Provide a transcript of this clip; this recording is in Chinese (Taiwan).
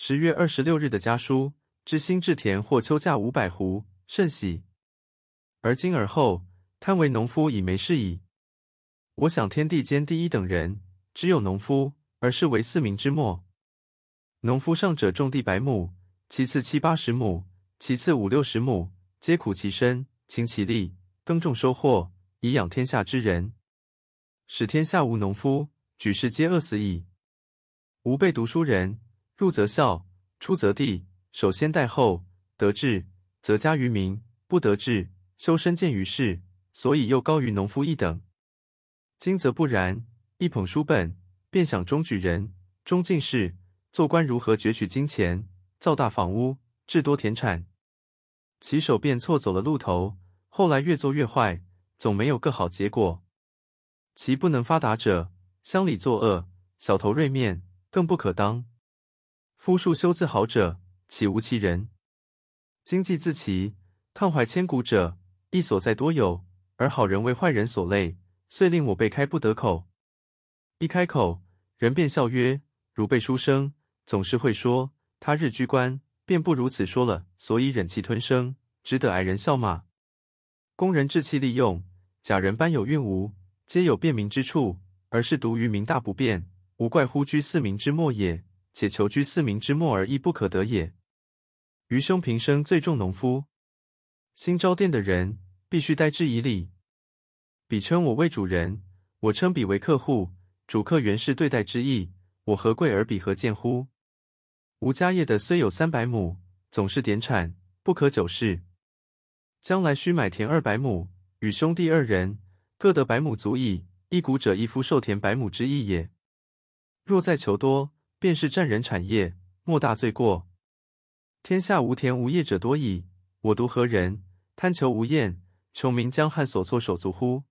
十月二十六日得家書，知新置田穫秋稼五百斛，甚喜。而今而後，堪為農夫以沒世矣。我想天地間第一等人，只有農夫，而士為四民之末。農夫上者種地百畝，其次七八十畝，其次五六十畝，皆苦其身，勤其力，耕種收穫，以養天下之人。使天下無農夫，舉世皆餓死矣。吾輩讀書人。入則孝，出則弟，守先待後，得志，澤加於民，不得志修身見於世，所以又高於農夫一等。今則不然，一捧書本，便想中舉人、中進士，做官如何攫取金錢，造大房屋，置多田產，起手便錯走了路頭，後來越做越壞，總沒有個好結果。其不能發達者，鄉里作惡，小頭銳面，更不可當。夫束修自好者，豈無其人？經濟自期，抗懷千古者，亦所在多有。而好人為壞人所累，遂令我輩開不得口。一開口，人便笑曰：“汝輩書生，總是會說。他日居官，便不如此說了，所以忍氣吞聲，只得挨人笑罵。工人制器利用，賈人搬有運無，皆有便民之處，而士獨於民大不便，無怪乎居四民之末也。”且求居四民之末而亦不可得也。愚兄平生最重農夫，新招佃地人，必須待之以禮。彼稱我為主人，我稱彼為客戶，主客原是對待之義。我何貴而彼何賤乎？吾家業地雖有三百畝，總是典產，不可久恃。將來需買田二百畝，予兄弟二人各得百畝足矣。亦古者一夫受田百畝之義也。若再求多，便是占人產業，莫大罪過。天下無田無業者多矣，我獨何人？貪求無厭，窮民將何所措手足乎？